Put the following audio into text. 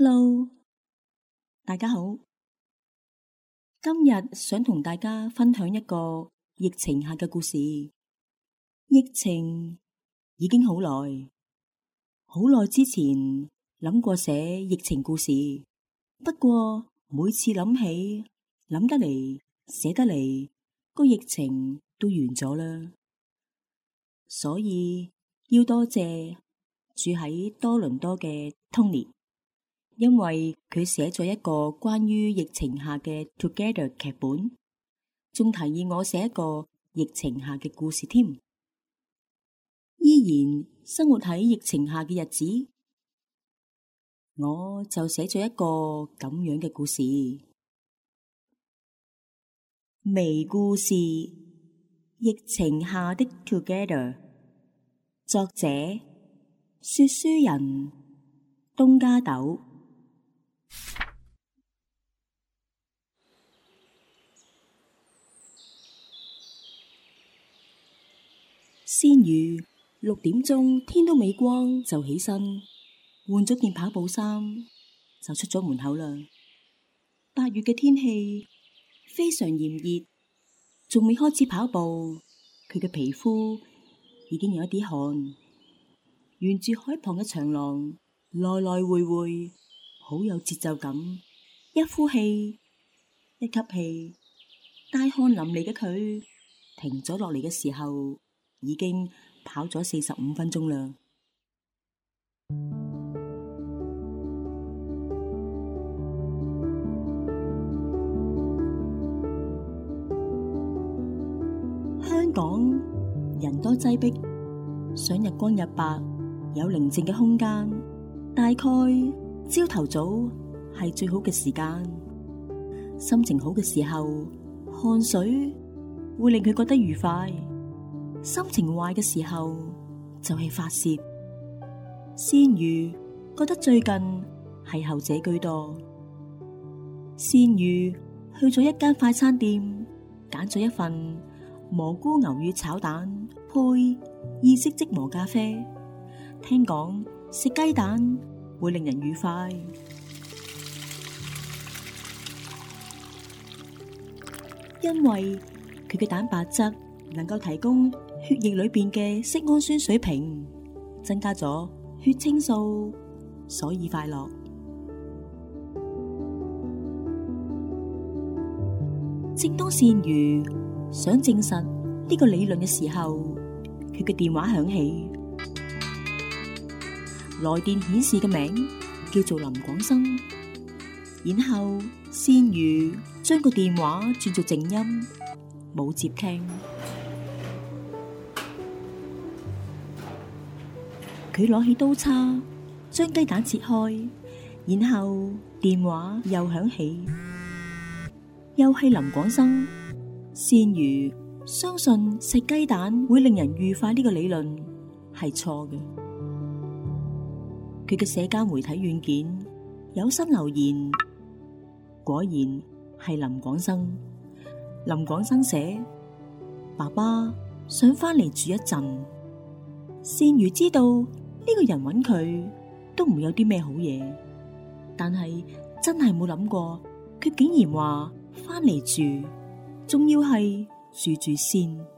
Hello，大家好。今日想同大家分享一個疫情下嘅故事。疫情已經好耐，好耐之前諗過寫疫情故事，不過每次諗起、諗得嚟、寫得嚟，個疫情都完咗啦。所以要多謝住喺多倫多嘅 Tony。因為佢寫咗一個關於疫情下嘅 Together 劇本，仲提議我寫一個疫情下嘅故事添。依然生活喺疫情下嘅日子，我就寫咗一個咁樣嘅故事。微故事：疫情下的 Together。作者：說書人東加豆。鮮魚六點鐘，天都未光就起身，換咗件跑步衫就出咗門口啦。八月嘅天氣非常炎熱，仲未開始跑步，佢嘅皮膚已經有一啲汗。沿住海旁嘅長廊，來來回回，好有節奏感。一呼氣，一吸氣，大汗淋漓嘅佢停咗落嚟嘅時候。已經跑咗四十五分鐘啦。香港人多擠迫，想日光日白，有寧靜嘅空間，大概朝頭早係最好嘅時間。心情好嘅時候，汗水會令佢覺得愉快。心情壞嘅時候就係發洩。仙魚覺得最近係後者居多。仙魚去咗一間快餐店，揀咗一份蘑菇牛乳炒蛋配意式即磨咖啡。聽講食雞蛋會令人愉快，因為佢嘅蛋白質能夠提供。血液裏邊嘅色氨酸水平增加咗，血清素所以快樂。正當善如想證實呢個理論嘅時候，佢嘅電話響起，來電顯示嘅名叫做林廣生。然後善如將個電話轉做靜音，冇接聽。佢攞起刀叉，將雞蛋切開，然後電話又響起，又係林廣生。善如相信食雞蛋會令人愉快呢個理論係錯嘅。佢嘅社交媒體軟件有新留言，果然係林廣生。林廣生寫，爸爸想翻嚟住一陣。善如知道。呢個人揾佢都唔會有啲咩好嘢，但係真係冇諗過，佢竟然話返嚟住，仲要係住住先。